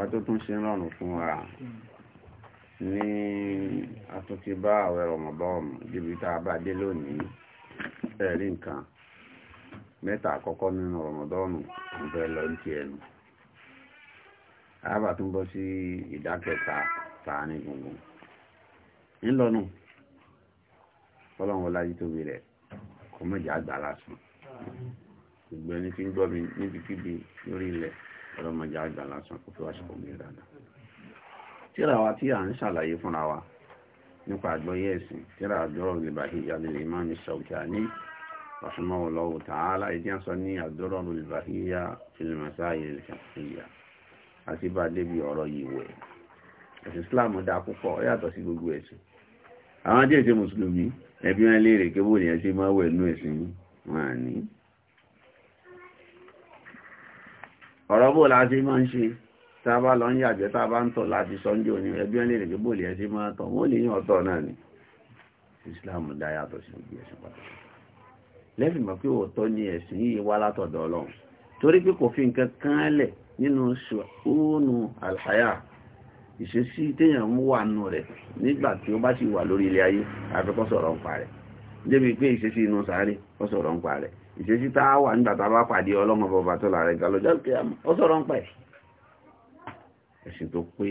ọba tó tún ṣe ń rọrùn fún wa ní atúntí bá àwẹ̀ Ramadan débi tá a bá dé lónìí ẹ̀rí nǹkan mẹ́ta àkọ́kọ́ nínú Ramadan ń bẹ lọ ní ti ẹnu àbá tún bọ́ sí ìdákẹ́ta tààrin gbùngbùn ńlọnù ọlọ́run láyé tóbi rẹ̀ kọ́mọ̀jà àgbà lásán gbogbo ẹni ń gbọ́ mi níbikíbi lórí ilẹ̀ ọlọ́mọdé àgbà lásán kò fi wá sí kòmí dáadáa tíra wa tí à ń ṣàlàyé fúnra wa nípa àgbọ́yé ẹ̀sìn tíra àjọrò olùbàhíyà lè lè máa ní Shawkani rahimahullahu ta'ala ìdí à ń sọ ní àjọrò olùbàhíyà fil masail al-fiqhiyya àti bá débi ọ̀rọ̀ yìí wẹ̀ ẹ̀sìn Islam dá púpọ̀ ó yàtọ̀ sí gbogbo ẹ̀sìn àwọn adé ìṣe mùsùlùmí ẹbí wọn léèrè kébò ní ẹ̀sìn máa wẹ̀ nú ẹ̀sìn wọn ní ọ̀rọ̀ bó láti máa ń ṣe tá a bá lọ ń yàgbẹ́ tá a bá ń tọ̀ láti sọ́njọ́ ní ẹbí ọ́n lè rèé lè ẹsẹ̀ máa tọ̀ wọ́n lè yín ọ̀tọ̀ náà ni Islam dá yàtọ̀ sí ibi ẹ̀sìn pàtàkì lẹ́fìn mọ̀ pé òótọ́ ni ẹ̀sìn yìí wá látọ̀dọ̀ Ọlọ́run torí pé kò fi nǹkan kan lẹ̀ nínú ṣùgbọ́n àlàyà ìṣesí téèyàn ń wà nù rẹ̀ nígbà tí ó bá sì wà lórí ilé ayé àfikọ́ sọ̀rọ̀ ń pa rẹ̀ débi pé ìṣesí inú sáré ó sọ̀rọ̀ ń pa rẹ̀ ìṣesí tá a wà nígbà tá a bá pàdé ọlọ́mọ bọba tó lára ìgbà lọ́jọ́ kí a mọ̀ ó sọ̀rọ̀ ń pẹ̀ ẹ̀sìn tó pé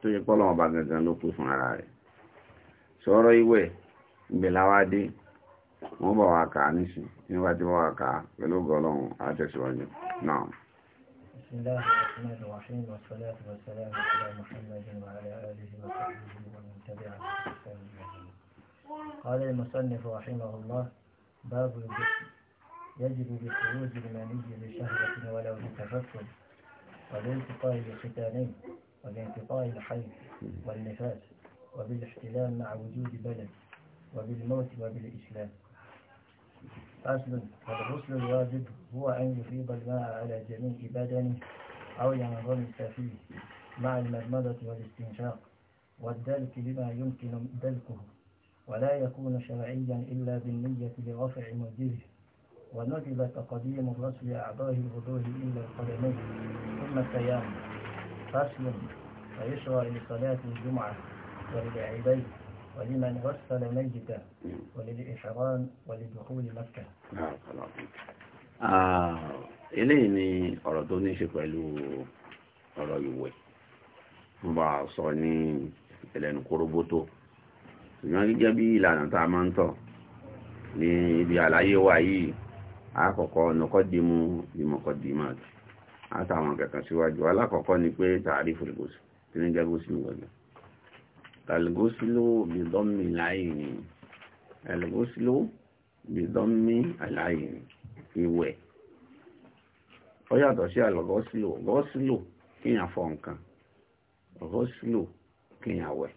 tó yẹ pọ́lọ́mọ bá gangan ló pé fún ara rẹ̀ sọ̀rọ̀ ìwẹ̀ ìgbèláwádé wọ́n bọ̀ wá kà nísìn nígbà tí wọ́n wá kà pẹ̀lú gọlọ́run àtẹ̀síwájú náà. بسم الله يجب بخروج المني لشهوة ولو لتفكر وبالتقاء الختانين وبانقطاع الحيض والنفاس وبالاحتلال مع وجود بلد وبالموت وبالإسلام أصل الغسل الواجب هو أن يفيض الماء على جميع بدنه أو ينغمس فيه مع المرمضة والاستنشاق والدلك بما يمكن دلكه ولا يكون شرعيا إلا بالنية لرفع مدره وندب تقديم غسل أعضاء الوضوء إلى القدمين ثم التيام فصل ويشرع لصلاة الجمعة وللعيدين ولمن غسل ميتا وللإحرام ولدخول مكة نعم eléyìí ni ọ̀rọ̀ tó ní ṣe pẹ̀lú ọ̀rọ̀ ìwẹ̀ wọ́n bá sọ ní ẹlẹ́nu kóróbótó ṣùgbọ́n gẹ́gẹ́ bí ìlànà tá a máa ń tọ̀ ní ibi àlàyé wa yìí àkọ́kọ́ nọkọ́dìmú ìmọ̀kọ́dìmọ̀ àtàwọn kẹ̀kẹ́ síwájú alákọ̀ọ́kọ́ ni pé tààrí fòlùgọ́sù tí ní jẹ́ gúúsùlù gbọ́gbẹ́ algúúsùlù bìdọ́mì láàyìní algúúsùlù bìdọ́mì láàyìní ìwẹ̀ ó yàtọ̀ sí algúúsùlù gúúsùlù kíyàn fọ nǹkan gúúsùlù kíyàn wẹ̀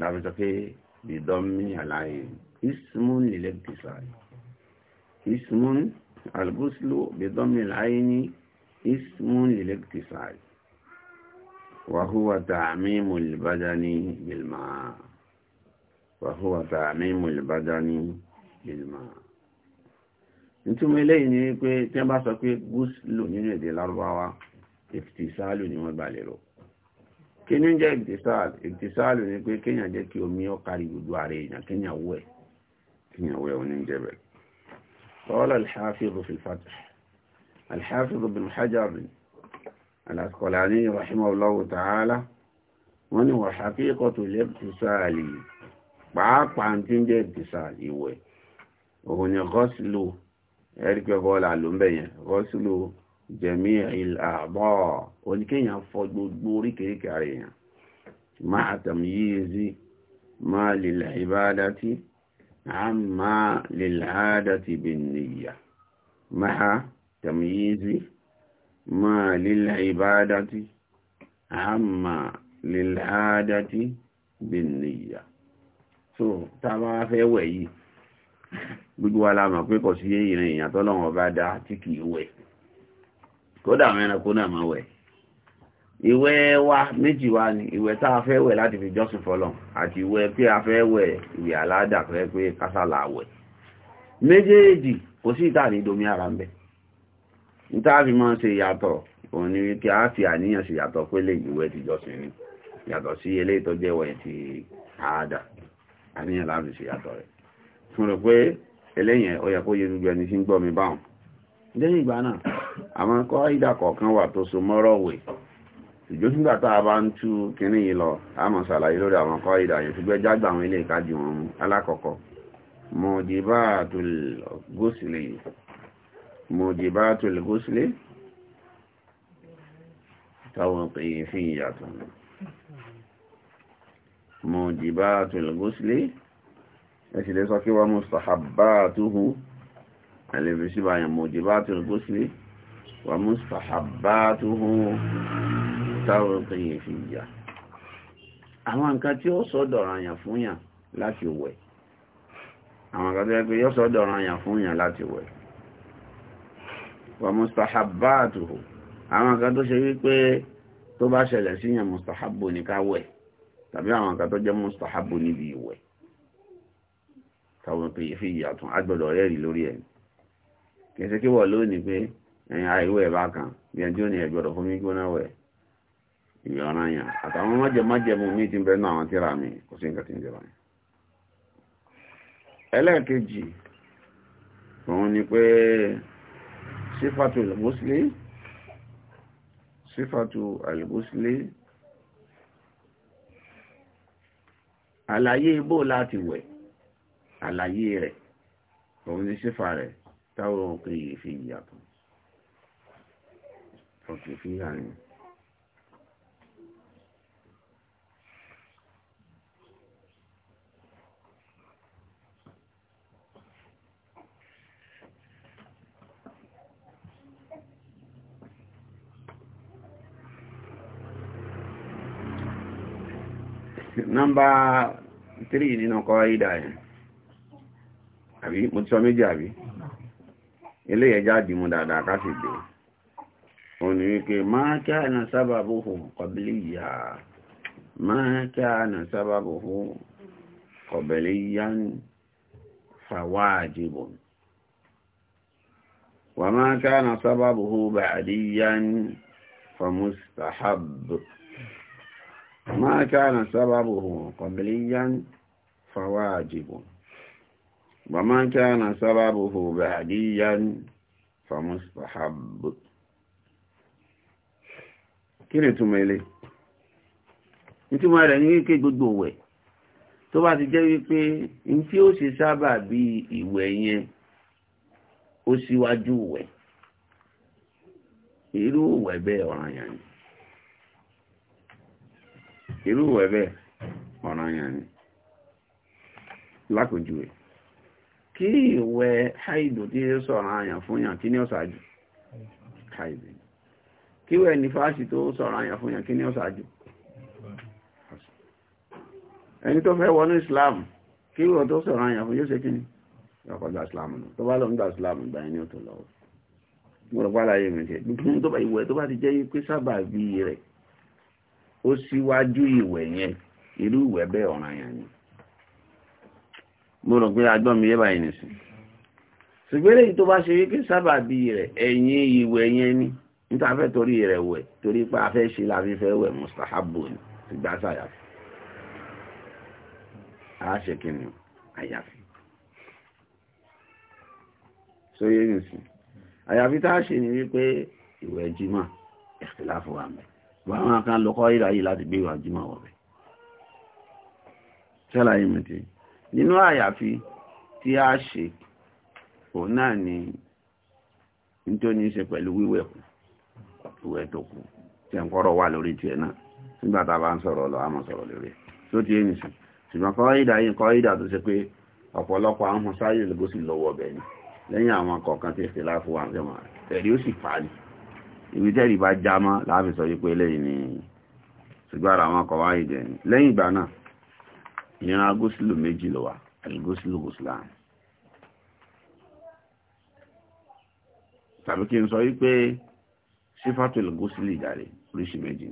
lábẹ́sọ pé bìdọ́mì láàyìní ismun lilẹ́gbẹ̀sáyì ismun àlùbúsùlù bìdọ́mì láyé ní ismun lilektisal wàhúwà tààmìmù lìbádání bìlmà wàhúwà tààmìmù lìbádání bìlmà nítumọ̀ eléyìí ni pé tí wọ́n bá sọ pé gúúsùlù nínú èdè lárúbáwá ìfìtìsáàlù ni wọ́n gbà lérò kí ní jẹ́ ìfìtìsáàlù ìfìtìsáàlù ni pé kéèyàn jẹ́ kí omi ó kárí gbogbo ara èèyàn kéèyàn wẹ̀ kéèyàn wẹ̀ oníjẹ́bẹ̀ẹ́ قال الحافظ في الفتح الحافظ بن حجر العسقلاني رحمه الله تعالى wọ́n wọ̀ ṣàkíkọ̀ tó lè tìsáàlì pàápàá tí ń jẹ́ tìsáàlì ìwẹ̀ òun ni gọ́sìlò ẹ̀ríkẹ́ bọ́ọ̀lá ló ń bẹ̀ yẹn gọ́sìlò jẹ̀mí ìlàbọ̀ oníkéyàn fọ gbogbo oríkèéríkèé ààrẹ yẹn máa tàmí yíyí sí máa lè lẹ́yìn bá dá sí عما للعادة بالنية مع تمييز ما للعبادة عما للعادة بالنية so tàbá fẹ́ wẹ̀ yìí gbogbo wa la mọ̀ pé kò sí ìrìn ìyàtọ̀ lọ́wọ́ bá dá tí kìí wẹ̀ kódà mẹ́rin kó náà máa wẹ̀ ìwẹ̀ wa méjì wa ni ìwẹ̀ tá a fẹ́ wẹ̀ láti fi jọ́sìn fọlọ́n àti ìwẹ̀ pé a fẹ́ wẹ̀ ìwẹ̀ aládà pé pé kásálà wẹ̀ méjèèjì kò sí ìta ní ìdomi ara ń bẹ níta fi máa ṣe ìyàtọ̀ òun ni kí a fi àníyàn ṣe ìyàtọ̀ pé lè ìwẹ̀ ti jọ́sìn ni yàtọ̀ sí eléyìí tó jẹ́ wẹ̀ ti àádà àníyàn láti ṣe ìyàtọ̀ rẹ̀ fún rẹ̀ pé eléyìn ó yẹ kó yẹ gbogbo ẹni tí ń gbọ́ mi báwọn lẹ́yìn ìgbà náà àwọn kọ́ ìdà kọ̀ọ̀kan wà tó so mọ́rọ̀ wẹ̀ ìjósùgbà tá a bá ń tú kínní yìí lọ a mọ̀ ṣàlàyé lórí àwọn kọ́ ìdàyẹ̀ tó gbẹ́já gbà àwọn ilé ìkájì wọn mú alákọ̀ọ́kọ́ mujibatul ghusli tawqifiyyatun mujibatul ghusli ẹ̀sì lè sọ kí wọ́n mustahabbatuhu alẹ́bìsíbàyàn mujibatul táwọn kìí fi ìyà àwọn nǹkan tí ó sọ́dọ̀ ranyàn fún yàn láti wẹ̀ àwọn nǹkan tó yẹ pé yóò sọ́dọ̀ ranyàn fún yàn láti wẹ̀ wà mustahabbatuhu àwọn nǹkan tó ṣe wípé tó bá ṣẹlẹ̀ sí yàn mustahabbu ní ká wẹ̀ tàbí àwọn nǹkan tó jẹ́ mustahabbu níbi ìwẹ̀ táwọn kìí fi ìyà tún agbọ́dọ̀ rẹ́rìí lórí ẹ̀ kìí ṣe kí wọ́n lónìí pé ẹ̀yìn àìwẹ̀ bákan bí ẹjọ́ ni ẹ̀gbọ́dọ̀ fún mi gbóná wẹ̀ ìyọ̀ràn yàn àtàwọn májẹmájẹmú mi ti bẹ̀rẹ̀ náà àwọn tíra mi kò sí nǹkan tí ń jẹba yẹn ẹlẹ́ẹ̀kejì òun ni pé sífàtù al-ghusli sífàtù al-ghusli àlàyé ibò láti wẹ̀ àlàyé rẹ̀ òun ni sífà rẹ̀ táwọn òkè yìí fi yàtọ̀ òkè fi yàtọ̀ nọ́mbà 3 nínú kọ́ ìdá yẹn àbí mo ti sọ méjì àbí ilé ẹjá dìmú dáadáa káfí dé òní wípé máa kí àná sábàbò fún kọ̀bílì yá máa kí àná sábàbò fún kọ̀bílì yá fàwáàjìbò wà máa kí àná sábàbò fún bàdíyá fàmùsàhábò ما كان سببه قبليا فواجب وما كان سببه بعديا فمستحب kí ni túnmọ̀ ilé ìtumọ̀ rẹ̀ ní wípé gbogbo ìwẹ̀ tó bá ti jẹ́ wípé in tí ó ṣe sábà bí ìwẹ̀ yẹn ó síwájú ìwẹ̀ irú ìwẹ̀ bẹ́ẹ̀ ọ̀ranyàn ni irú ìwẹ̀ bẹ́ẹ̀ ọ̀ranyàn ni lákòjúwe kí ìwẹ̀ haidu tí ó sọ̀rọ̀ àyàn fún yàn kí ní ọ̀sájú haidu kí ìwẹ̀ nífàásì tó sọ̀rọ̀ àyàn fún yàn kí ní ọ̀sájú ẹni tó fẹ́ wọnú islam kí ìwẹ̀ tó sọ̀rọ̀ àyàn fún yóò ṣe kí ni ọkọ̀dá islam nù tó bá lọ ń islam gbà ẹni ó tó lọ́wọ́ mo rọ̀ pálá mi ṣe ìwẹ̀ tó bá ti jẹ́ pé sábà bí rẹ̀ ó síwájú ìwẹ̀ yẹn irú ìwẹ̀ bẹ́ẹ̀ ọ̀ranyàn ni mo rò pé agbọ́n mi yé báyìí nìsín ṣùgbọ́n èyí tó bá ṣe wípé sábàbí rẹ̀ ẹ̀yìn ìwẹ̀ yẹn ni níta fẹ́ torí rẹ̀ wẹ̀ torí pé a fẹ́ ṣe la fi fẹ́ wẹ̀ mustahabu ni ìgbà sàyàfi a ṣe kìnnì àyàfi so yé nìsín àyàfi tá a ṣe ni wípé ìwẹ̀ jimá ìfìlàfọ̀ àmì àwọn kan lọ kọ́ ìráyè láti gbé ìwà jímọ̀ wọ̀ bẹ̀. sẹ́láyé mẹ́tí nínú àyàfi tí a ṣe òun náà ni nítorí ní ṣe pẹ̀lú wíwẹ̀ kù ìwẹ̀ tó kù tí ń kọ́rọ̀ wà a bá ń sọ̀rọ̀ lọ àmọ́ sọ̀rọ̀ lórí ẹ̀ tó ti ẹni sùn ṣùgbọ́n kọ́ ìdá yìí kọ́ ìdá tó ṣe pé ọ̀pọ̀lọpọ̀ àwọn sáyé lọ́wọ́ bẹ̀ ibi tẹ́rì bá já mọ́ láàfin sọ wípé lẹ́yìn ni ṣùgbọ́n ara wọn kọ̀ wá ìjẹ́ ni lẹ́yìn ìgbà náà ìran agúsìlù méjì ló wà alìgúsìlù gùsùlán tàbí kí n sọ wípé sífàtò ìgúsìlì ìjàre oríṣi méjì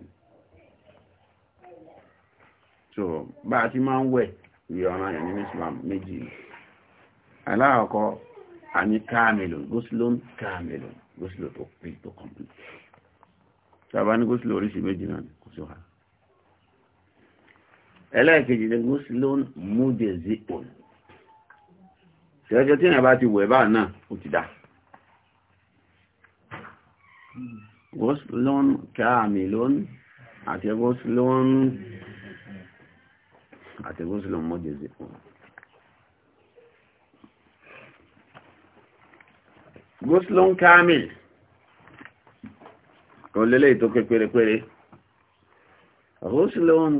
so bá a ti máa ń wẹ̀ ìyọ̀ràn ẹ̀ nínú Islam méjì aláàkọ́ àní káàmìlò gúsùlùm káàmìlò gúúsùlù tó pé tó complete sábà ní gúúsùlù oríṣi méjì náà ni kò sí wàhálà ẹlẹ́ẹ̀kejì ni gúúsùlù múdèzí òun ṣẹ́jọ́ tí èèyàn bá ti wẹ̀ bá náà ó ti dá gúúsùlù káàmì lónìí àti gúúsùlù àti òun gúúsùlùm kamil kò lélẹ̀ tó ké pérépéré gúúsùlùm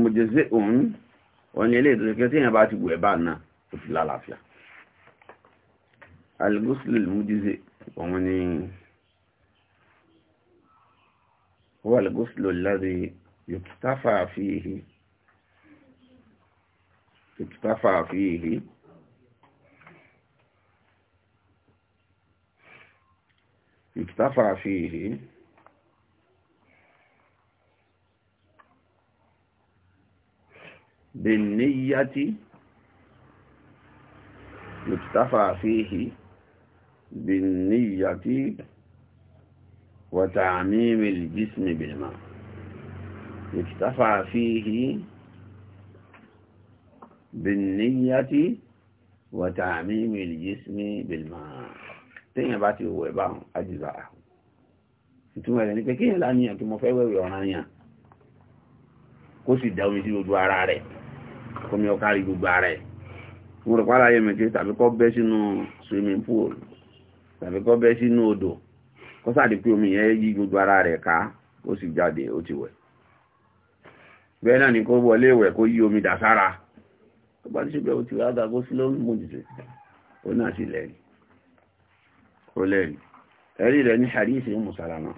mùjẹ̀sẹ̀ òun wọ́n ní ilé ìtọ́jú kẹsí ìyẹn bá ti wẹ̀ bá náà ó ti lálàáfíà al-ghusl al-mujzi òun ni huwa al-ghusl alladhi yuktafa اكتفى فيه بالنية يكتفى فيه بالنية وتعميم الجسم بالماء يكتفى فيه بالنية وتعميم الجسم بالماء téèyàn bá ti wẹ̀ bá wọn àjìzà ìtumọ̀ rẹ̀ ni pé kéèyàn láníyàn kí mo fẹ́ wẹ̀wẹ̀ ọ̀ranyàn kó sì dá omi sí gbogbo ara rẹ̀ kó mi gbogbo ara ẹ̀ mo rò pàrọ̀ ayé mẹ́kẹ́ tàbí kọ́ bẹ́ sínú swimming pool tàbí kọ́ bẹ́ sínú odò kó sáà di pé omi yẹn yí gbogbo ara rẹ̀ ká ó sì jáde ó ti wẹ̀ bẹ́ẹ̀ náà ni kó wọlé ìwẹ̀ kó yí omi dà sára tó bá ti ṣe bẹ́ẹ̀ ó ti wá dàgbó sí lórí mojìṣẹ́ ó náà sì lẹ́yìn ó lẹ́rìí ẹ̀rí rẹ̀ ní hadisi Ummu Salama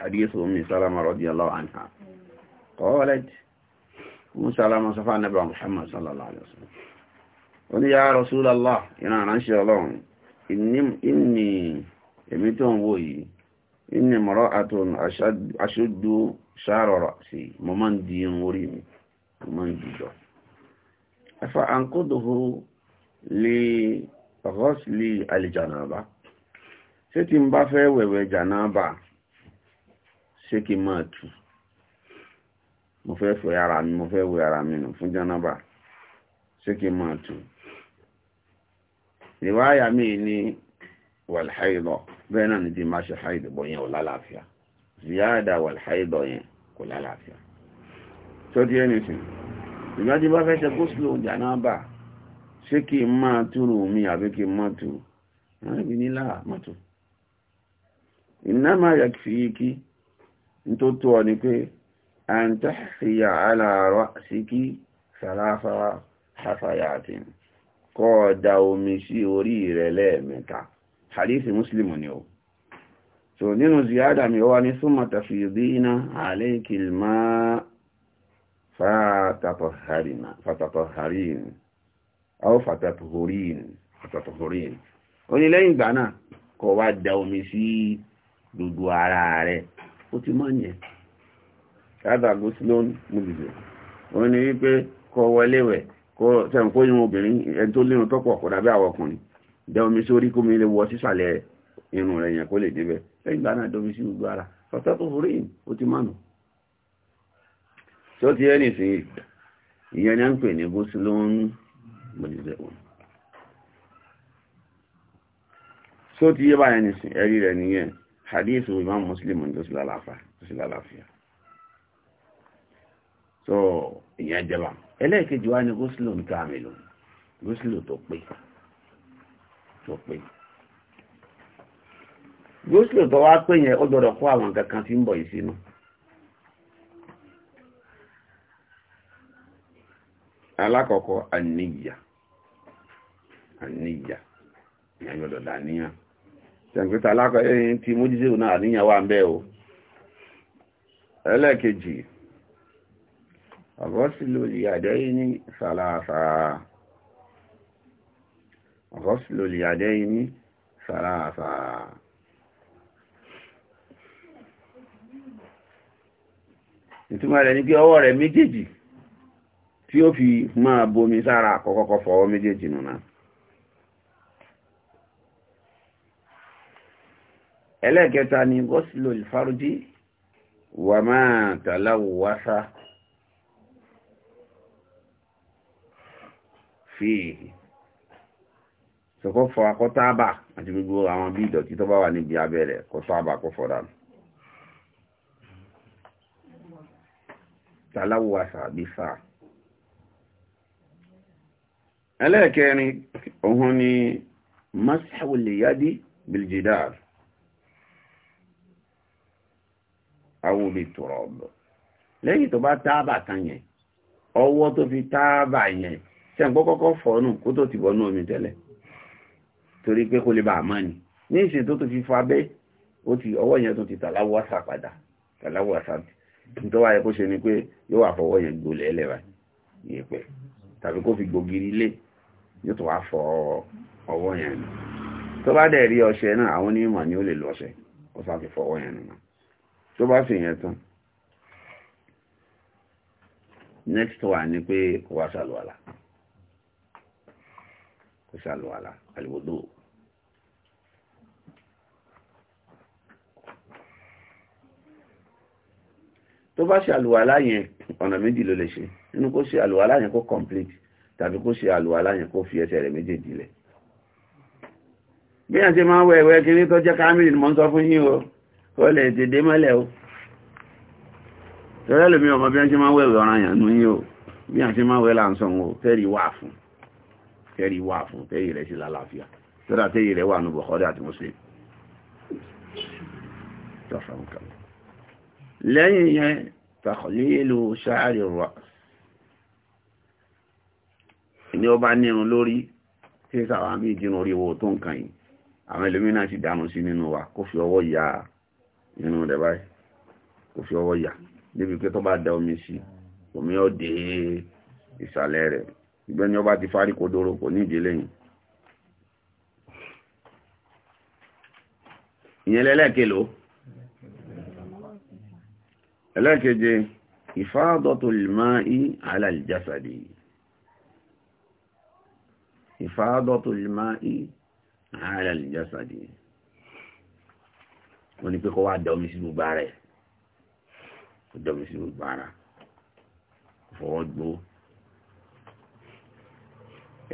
hadisi Ummu Salama radiyallahu anha qalat Ummu Salama sọ fún anábà Muhammad sallallahu alaihi wasallam ó ní ya Rasulullah ìran ránṣẹ́ ọlọ́run inni èmi tó ń wò yìí inni mara'atun ashuddu shara ra'si mo máa ń di irun orí mi mo máa ń dìjọ afa anquduhu li rọ́sìlì àlìjànàbá ṣé tí n bá fẹ́ wẹ̀wẹ̀ jànàbá ṣé kí n máa tù mo fẹ́ fẹ́ ara mi mo fẹ́ wẹ̀ ara mi nù fún jànàbá ṣé kí n máa tù ìwáyà mi ní wàlháìdọ̀ bẹ́ẹ̀ náà ní tí n ṣe háìdọ̀ bọ̀ yẹn ò lálàáfíà ziyada wàlháìdọ̀ yẹn kò lálàáfíà tó di ẹnìsìn ìgbà tí bá fẹ́ ṣe gúúsùlù jànàbá ṣé kí n máa túrù mi àbí kí n máa túrù ààbí nílá mọ́tò ìnáma yà fi kí n tó tó ọ ni pé à ń tàṣíyà aláàrọ̀ sí kí sàláfàá hafayàtì kọ́ da omi sí orí rẹ̀ lẹ́ẹ̀mẹ́ta hadithi muslim ni o so nínú ziyada mi wá ní súnmọ̀ tafidina alaykil ma fatapahharina àwọn fatatuhurin fatatuhurin ó o lẹ́yìn ìgbà náà kó wá da omi sí gbogbo ara rẹ. ó ti mọ́ yẹn káàdà goslon múlùú ó wípé kó wọlé wẹ̀ sẹ́yìn irun obìnrin ẹni tó lérun tọ́pọ̀ kó dàbí àwọn ọkùnrin da omi sórí kómi lè wọ sísàlẹ̀ irun rẹ̀ yẹn kó lè débẹ̀ lẹ́yìn ìgbà náà omi sí gbogbo ara ó ti ni ń pè ní mọ̀jẹ̀dẹ̀kùn so ti yé báyẹn nìsín ẹ̀rí rẹ̀ nìyẹn hadith imam muslim tó sì lálàáfíà so ìyẹn jẹba ẹlẹ́ẹ̀kejì wá ní gúúsùlù ní káàmìlò gúúsùlù tó pé tó pé gúúsùlù tó wá pé yẹn ó gbọdọ̀ kó àwọn kankan tí ń bọ̀ yìí sínú alákọ̀ọ́kọ́ àníyà àníyà ìyàgbọ́dọ̀ dàníyàn ṣẹ̀gbẹ́ta alákọ̀ ẹ̀yìn tí mójíṣẹ́ òun náà àníyàn wà ń bẹ́ o ẹlẹ́ẹ̀kejì ọ̀gọ́sílò ìyàdẹ́ ní sàlàsà ọ̀gọ́sílò ìyàdẹ́ ní sàlàsà ìtumọ̀ rẹ̀ ní pé ọwọ́ rẹ̀ méjèèjì tí ó fi máa bomi sára àkọ́kọ́kọ́ fọwọ́ méjèèjì nùnà ẹlẹ́ẹ̀kẹta ni gọ́sílò ìfárújí wà máa tàláwò wáṣá fíì sọkọ́ fọ akọ́tàbà àti gbogbo àwọn bí ìdọ̀tí tó bá wà níbi abẹ́rẹ̀ kọ́tàbà kó fọ́ dànù tàláwò wáṣá bí sáà ẹlẹ́ẹ̀kẹrin ohun ni masáwòlèyádí biljidar awòlè tọrọbọ lẹ́yìn tó bá tábà kan yẹn ọwọ́ tó fi tábà yẹn sẹ́ǹkọ́ kọ́kọ́ fọ́nù kó tó ti bọ́nú omi tẹ́lẹ̀ torí pé kó lè ni ní ìsìn tó tó fi fa bẹ́ ó ti ọwọ́ yẹn tó ti tàláwọ́sà padà wáyé kó ṣe ni pé yóò wà fọwọ́ yẹn gbolẹ̀ ẹlẹ́wà yóò tó wá fọ ọwọ́ yẹn nù tó bá dẹ̀ rí ọṣẹ náà àwọn onímọ̀ ni ó lè lọ ọṣẹ ó sáfi fọwọ́ yẹn nù tó bá sì yẹn tán next one ni pé kò wá ṣàlùwàlà kò ṣàlùwàlà àlùwòdó tó bá ṣàlùwàlà yẹn ọ̀nà méjì ló lè ṣe nínú kó ṣe àlùwàlà yẹn kó complete tàbí kó ṣe àlùwàlá yẹn kó fi ẹsẹ̀ rẹ̀ méjèèjì lẹ̀ bí àti máa wẹ ẹ̀wẹ́ kiri tó jẹ́ kámìlì mọ́ sọ fún yín o ó mọ́lẹ̀ o tọ́lẹ́ lómi ọmọ bí àti máa wẹ ẹ̀wẹ́ ọ̀ràn yẹn lẹ́yìn yẹn tàkọ̀lé ṣáàrì rọ̀ ní ọba nírun lórí tí sàwọn àmì ìdínú orí owó tó nǹkan yìí àwọn ẹlòmínà sì dánú sí nínú wa kó fi ọwọ́ ya nínú rẹ̀ báyìí kó fi ọwọ́ ya níbi pé tó bá da omi sí omi ó dé ìsàlẹ̀ rẹ̀ ìgbẹ́ni ọba ti fárí kodoro kò ní ìdílé yìí ìyẹn lẹ́lẹ́kẹ̀lò ẹlẹ́kẹ̀jẹ ìfáàdọ́tò lè máa í alàlìjásàdì yìí ìfàádọ́tò lèmá ààrẹ àlìjásàdì wọ́n ni pé kọ́ wá dọ́mí sí gbogbo ara ẹ̀ kò dọ́mí sí gbogbo ara fọwọ́ gbó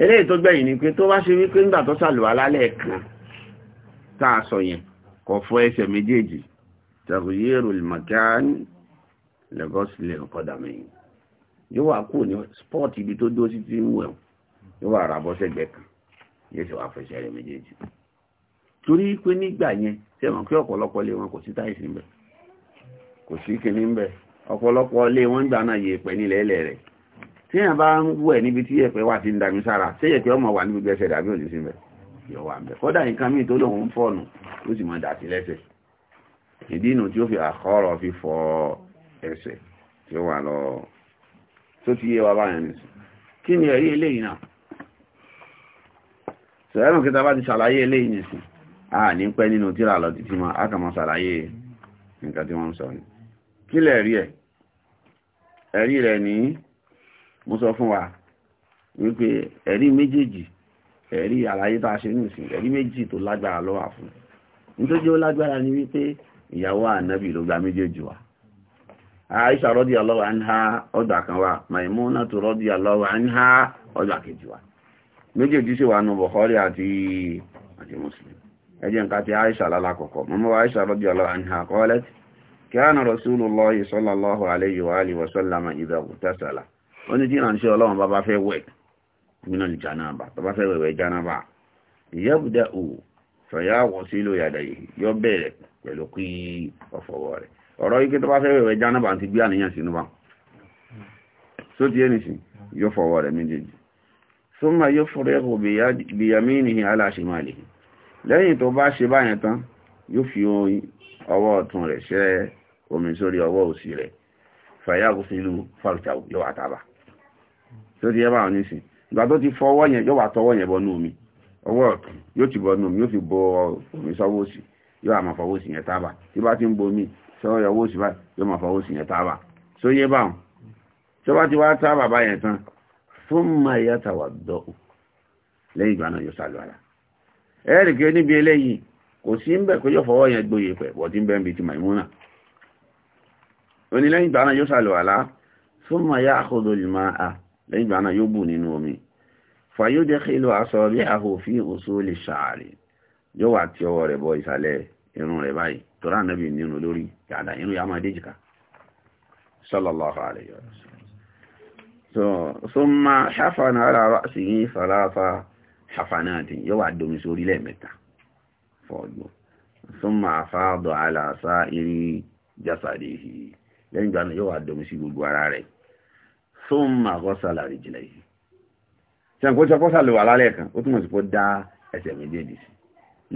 eré tó gbẹ̀yìn ni pé tó bá ṣe wípé nígbà tó sàlùwà lálẹ́ kan tá sọ yẹn kò fọ ẹsẹ̀ méjèèjì tàbíyèrò ìmọ̀kán lẹ́gọ́sílẹ̀ ọ̀kọ́dàmẹ́yìn yóò wà kúrò ní spọ́ọ̀tì ibi tó dó sí ti ń wẹ̀wọ̀n yóò wà ra bọ́sẹ̀gbẹ́ kan yóò sì wà fẹsẹ̀ rẹ̀ méjèèjì torí pé nígbà yẹn ṣé wọn kí ọ̀pọ̀lọpọ̀ lé wọn kò sí táìsì ń kò sí kinní mbẹ ọpọlọpọ ọ̀pọ̀lọpọ̀ lé wọn gbà náà yẹ pẹ̀ nílẹ̀ ẹlẹ̀ rẹ̀ tí yẹn bá ń wẹ̀ níbi tí yẹ̀pẹ̀ wà ti ń dami sára ọmọ wà níbi gbẹ́sẹ̀ dàbí òní sí wà nǹkan míì tó lòun ó sì mọ lẹ́sẹ̀ ìdí inú tí fi àkọ́rọ̀ fi ti wa nìsín sẹ́rùn kí bá ti ṣàlàyé eléyìí nìsìn a ní pẹ́ nínú tíra lọ títí ma a ṣàlàyé nǹkan tí wọ́n sọ ní kí lẹ̀ rí ẹ̀ ẹ̀rí rẹ̀ ní mo sọ fún wa wípé ẹ̀rí méjèèjì ẹ̀rí àlàyé tá a ṣe nìsìn ẹ̀rí méjì tó lágbára lọ wà fún nítorí ó lágbára ni wípé ìyàwó ànábì ló gba méjèèjì wa Aisha rọ́dí Allahu anha ọjà kan wa Maimunatu rọ́dí Allahu anha ọjà kejì wa méjèèjì sì wà nù Bukhari àti àti Muslim ẹjẹ́ nǹkan ti Aisha lálàkọ̀kọ́ mọ́mọ́ Aisha radiyallahu anha qalat kana Rasulullahi sallallahu alayhi wa alihi wa sallam idha ightasala ó ní tí ìrànṣẹ́ ọlọ́run bá bá fẹ́ wẹ̀ nínú ìjànàbà bá bá fẹ́ wẹ̀wẹ̀ ìjànàbà yabda'u fayawsilu yadayhi yọ bẹ̀rẹ̀ pẹ̀lú kí ọ̀fọ̀wọ́ rẹ̀ ọ̀rọ̀ yìí kí tó bá fẹ́ wẹ̀wẹ̀ ìjànàbà ti gbé àníyàn sínú bá só ti ẹnìsìn fọwọ́ rẹ̀ méjèèjì súnmà yóò fúrẹ́hù bìyàmínìhì aláṣìmáàlìhì lẹ́yìn tó bá ṣe báyẹn tán yóò fi ọwọ́ ọ̀tún rẹ̀ ṣẹ́ omi sórí ọwọ́ òsì rẹ̀ fàyàgùsílù fàrùtàwù yóò wà tábà tó ti yẹ́bà oníṣìn ìgbà tó ti fọwọ́ yẹn yóò wà tọwọ́ yẹn bọnú omi ọwọ́ ọ̀tún yóò ti bọnú omi yóò fi bọ omi sọ́wọ́ òsì yóò àmà fọwọ́ òsì yẹn tábà tí bá ti ń bomi sọ́wọ́ ọwọ́ òsì báyìí yóò máa fọwọ́ òsì yẹn tábà tó yẹ́bà tó bá ti wá tábà báyẹn tán thumma yatawadda'u lẹ́yìn ìgbà náà yóò sálọ ara ẹ̀rì kí o níbi eléyìí kò sí ń bẹ̀ kó yóò fọwọ́ yẹn gbóyè pẹ̀ bọ̀ tí ń bẹ́ ń bi ti Maimuna onílẹ́yìn ìgbà náà yóò sálọ àlá thumma ya'khudhu al-ma'a lẹ́yìn ìgbà náà yóò bù nínú omi fa yudkhilu asabi'ahu fi usuli sha'ri yóò wà tí ọwọ́ rẹ̀ bọ ìsàlẹ̀ irun rẹ̀ báyìí tó rà ثم حفن على رأسه ثلاث حفنات يوعد من سوري ثم أفاض على سائر جسده لأن كان يوعد من سوري ثم غسل رجليه sẹ́nkó tí ọpọ́ sàlùwà lálẹ́ kan ó túnmọ̀ sí kó dá ẹsẹ̀ méjèèjì sí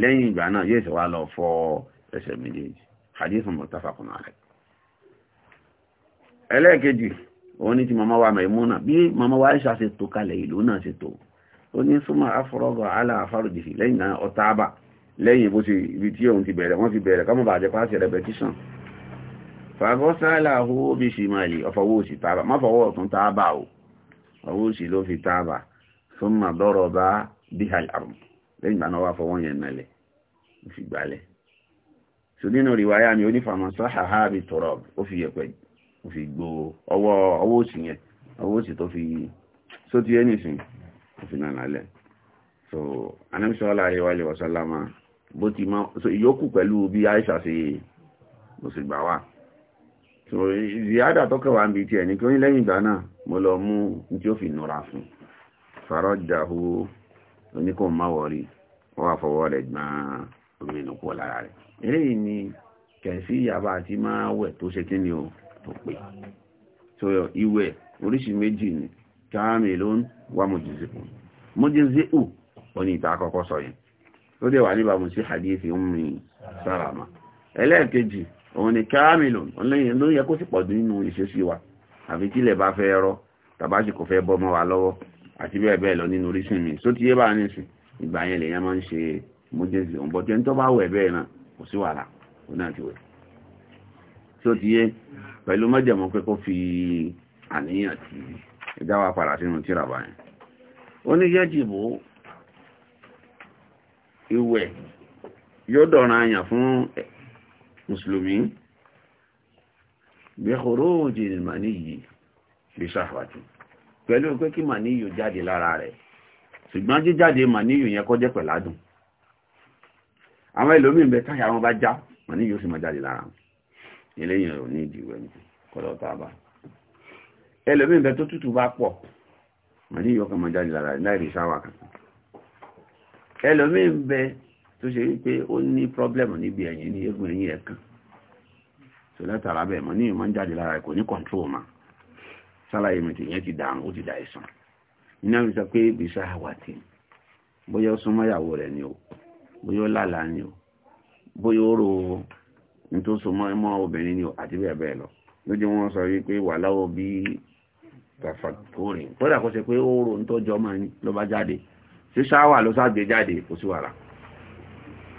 lẹ́yìn ìgbà náà yóò ṣe wá lọ fọ ẹsẹ̀ méjèèjì ẹlẹ́ẹ̀kejì òun ní ti màmá wa Maimuna bí màmá wa Aisha ṣe tó kalẹ̀ ìlú náà ṣe tó ó ní súnmọ́ afọ́rọ́gọ̀ aláàfáròdìsì lẹ́yìn náà ọ̀tá àbà lẹ́yìn bó ti ibi tí òun ti bẹ̀rẹ̀ wọ́n ti bẹ̀rẹ̀ kọ́mọ̀ bàjẹ́ pàṣẹ rẹpẹtíṣàn fàgọ́sálà owó bí ṣe máa lè ọfọwọ́ òsì tábà má fọwọ́ ọ̀tún tábà o ọwọ́ òsì ló fi tábà súnmọ́ dọ́rọ̀ bá ó fi gbó ọwọ́ ọwọ́ òsì yẹn ọwọ́ òsì tó fi só ẹni sìn fi nà lálẹ́ so anamsọ́lá ayéwálé wàsálámà bó ti máa so ìyókù pẹ̀lú bí Aisha ṣe mo sì gbà wá so tó kẹwàá ń bi tiẹ̀ ní kí lẹ́yìn ìgbà náà mo lọ mú ní tí ó fi nura fún wọ́n wà fọwọ́ rẹ̀ gbọ́n omi lára rẹ̀ eléyìí ni kẹ̀sí àti máa tó ṣe kí o tó pé so ìwẹ̀ oríṣi méjì ni káàmì ló ń wá mọ̀jíṣẹ́ kù mọ̀jíṣẹ́ ò ó ní ìta àkọ́kọ́ sọ yẹn tó dẹ̀ wà níbàámu sí hadithi Ummi Salama ẹlẹ́ẹ̀kejì òun ni káàmì ló ń ló yẹ kó sì pọ̀ nínú ìṣesí wa àfi tílẹ̀ bá fẹ́ rọ tàbáṣì kò fẹ́ bọ́ mọ́ wa lọ́wọ́ àti bẹ́ẹ̀ bẹ́ẹ̀ lọ nínú oríṣi mi tí ó ti yé pẹ̀lú mẹ́jẹ̀mọ́ pé kó fi àníyàn ti ìdáwà padà sínú tíra báyìí ó ní yẹ́jìbó ìwẹ̀ yóò dọ̀rọ̀ àyàn fún mùsùlùmí bí kòróòjì màní yìí bí sáfàtì pẹ̀lú pé kí màní yìí jáde lára rẹ̀ ṣùgbọ́n jíjáde màní yìí yẹn kó jẹ́ pẹ̀ládùn àwọn ẹlòmíì bẹ táyà wọn bá já màní ó sì máa jáde lára wọn eléyìn ò ní ìdíwẹ̀ ní kọ́lọ̀ tàbá ẹlòmíì bẹ tó tútù bá pọ̀ màdí ìyọkọ̀ mọ̀ jáde lára láì rí sáwà kan ẹlòmíì bẹ tó ṣe wípé ó ní pọ́blẹ́mù níbi ẹ̀yìn ní egun ẹ̀yìn ẹ̀kan tó látara bẹ́ẹ̀ mọ̀ ní ìmọ̀ ń jáde lára kò ní kọ̀ǹtró mà sálàyé mi tìyẹn ti dàrún ó ti dà ìsàn nínú àwọn sọ pé bìsà àwàtì bóyá ó súnmọ́ ìyàwó rẹ̀ ni o bóyá ó lálàá ni o bóyá ó ro ní tó so mọ́ obìnrin ni àti bẹ́ẹ̀ bẹ́ẹ̀ lọ lójú wọn sọ wípé wà láwọ bí tàfàkórì kódà kó ṣe pé ó rò ń tọ́jọ́ máa ní ló bá jáde ṣé ṣáwà ló sáàgbé jáde kò sí wàrà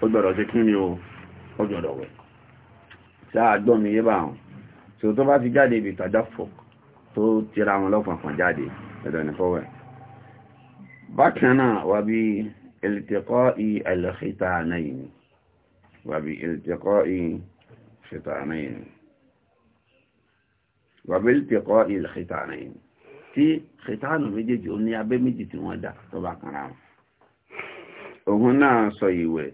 ó gbọ́dọ̀ ṣe kí ni o ó gbọ́dọ̀ wẹ̀ ṣáà gbọ́ yé bá so tó bá ti jáde ibi tàjà fọ tó tira wọn lọ́fọ̀ọ̀kan jáde ẹ̀dọ̀ ní fọwẹ́ bákan náà wà bí iltiqa'i al-khitanayn wà bí iltiqa'i الختانين وبالتقاء الختانين tí kìtánù méjèèjì ó ní abẹ́ méjì tí wọ́n dá tó bá kanra wọn òun náà sọ ìwẹ̀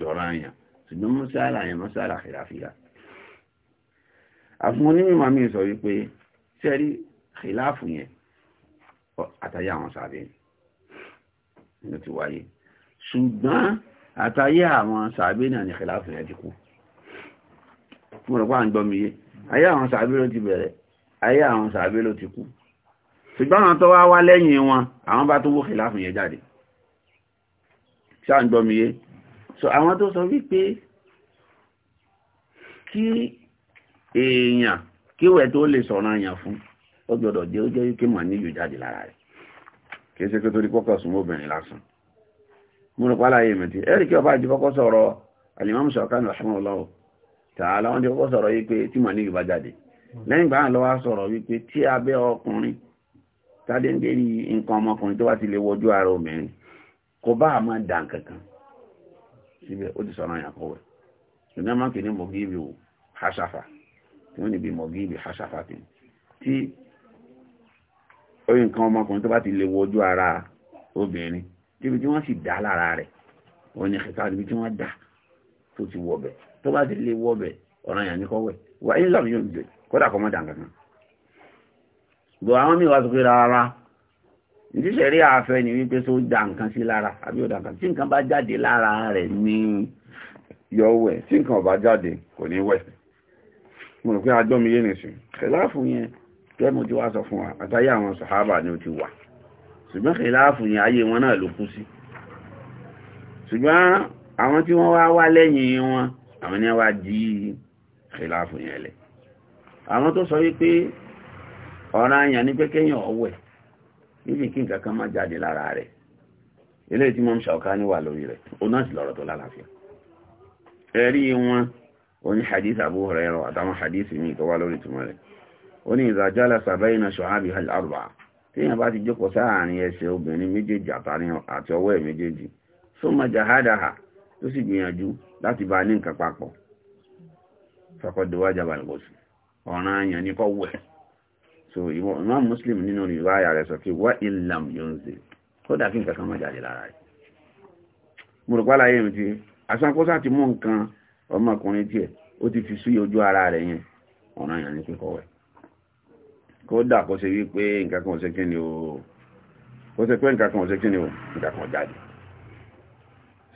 dọ̀ra yàn ṣùgbọ́n mọ́sálà yẹn mọ́sálà kìláfíà àfún onímọ̀ mi sọ wípé sẹ́rí kìláfù yẹn àtàyé àwọn sàbẹ̀ ló ti wáyé ṣùgbọ́n àtàyé àwọn sàbẹ̀ náà ni kìláfù yẹn ti kú mo rọ̀ pàà ń gbọmí yé ayé àwọn sàábé ló ti bẹ̀rẹ̀ ayé àwọn sàábé ló ti kú ṣùgbọ́n àwọn tó wá wá lẹ́yìn wọn àwọn bá tó wó kìláàfù yẹn jáde ṣáà ń gbọmí yé so àwọn tó sọ wípé kí èèyàn kíwẹ̀ tó lè sọ̀rọ̀ àyàn fún ó gbọ́dọ̀ jẹ́ ó jẹ́ wípé mà níyù jáde lára rẹ̀ kìí ṣe pé torí kọ́kọ́ sùn obìnrin lásán mo rọ̀ pàlàyé mẹ́tì ẹ̀rì kí ọba àjẹfọ́kọ́ sọ̀rọ̀ àlìmọ́mùsọ̀kánù àṣàmọ́lọ́wọ́ tààlà wọ́n ti kọ́kọ́ sọ̀rọ̀ wípé tí mọ̀ ní ìbá jáde hmm. lẹ́yìn ìgbà ló wá sọ̀rọ̀ wípé tí abẹ́ ọkùnrin tádé ń dérí nǹkan ọmọkùnrin tó bá ti lè wọjú ara obìnrin kò bá àmọ́ dà kankan síbẹ̀ ó ti sọ̀rọ̀ àyànkọ́ wẹ̀ ṣùgbọ́n máa ń kìíní mọ̀gíìbì hasafa tí wọ́n níbi mọ̀gíìbì hasafa tí tí oyin nǹkan ọmọkùnrin tó bá ti lè wọjú ara obìnrin tíbi tí wọ́n sì dá lára rẹ̀ ó ní kíkà níbi tí wọ́n dá tó ti wọ̀ bẹ́ẹ̀ tó bá ti lè wọ́bẹ̀ ọ̀ràn yà ní kọ́wẹ̀ wà ní ìlànà yóò jẹ kódà kọ́ mọ́dà nǹkan bọ̀ àwọn míì wá sọ pé rárá ìdíṣẹ́ rí àfẹ́ ni wípé tó da nǹkan sí lára àbí ó da nǹkan tí nǹkan bá jáde lára rẹ̀ ní yọwẹ̀ tí nǹkan bá jáde kò ní wẹ̀ mo rò pé agbọ́mi yé nìsín kẹláàfù yẹn tẹ́ mo ti wá sọ fún wa àtàyé àwọn sàhábà ni ó ti wà ṣùgbọ́n kẹláàfù yẹn ayé wọn náà ló kú sí ṣùgbọ́n àwọn tí wọ́n wá wá lẹ́yìn wọn àwọn ni wá jí ìlàfù yẹn lẹ̀ àwọn tó sọ wípé ọ̀rọ̀ àyàn ní pé kéèyàn ọwẹ̀ níbi kí nǹkan kan má jáde lára rẹ̀ eléyìí tí mọ́ ń ṣàkà ní wà lórí rẹ̀ ó náà sì lọ́rọ̀ tó lálàáfíà ẹ̀rí wọn oní hadith Abu Hurairah àtàwọn hadith mi tó wá lórí túmọ̀ rẹ̀ ó ní idha jalasa bayna shu'abiha al téèyàn bá ti jókòó sáàárín ẹsẹ̀ obìnrin méjèèjì àtàrí àti ọwọ́ ẹ̀ méjèèjì summa jahadaha tó sì gbìyànjú láti bá ní nǹkan papọ̀ fẹ́kọ̀dẹ̀wájà balgosu ọ̀ràn àyàn ní kọ́ wẹ̀ so imam muslim nínú ìwáyà rẹ̀ sọ pé wá ìlàm yóǹsì ó dà kí nǹkan kan má jáde lára rẹ̀ mo rò pálá yẹn ti asankóṣá ti mú nǹkan ọmọkùnrin tiẹ̀ ó ti fi sí ojú ara rẹ̀ yẹn ọ̀ràn àyàn ní kíkọ́ wẹ̀ kódà kó ṣe wípé nǹkan kan ò ṣe kí ni o kó ṣe pé nǹkan kan ò ṣe kí ni o nǹkan kan jáde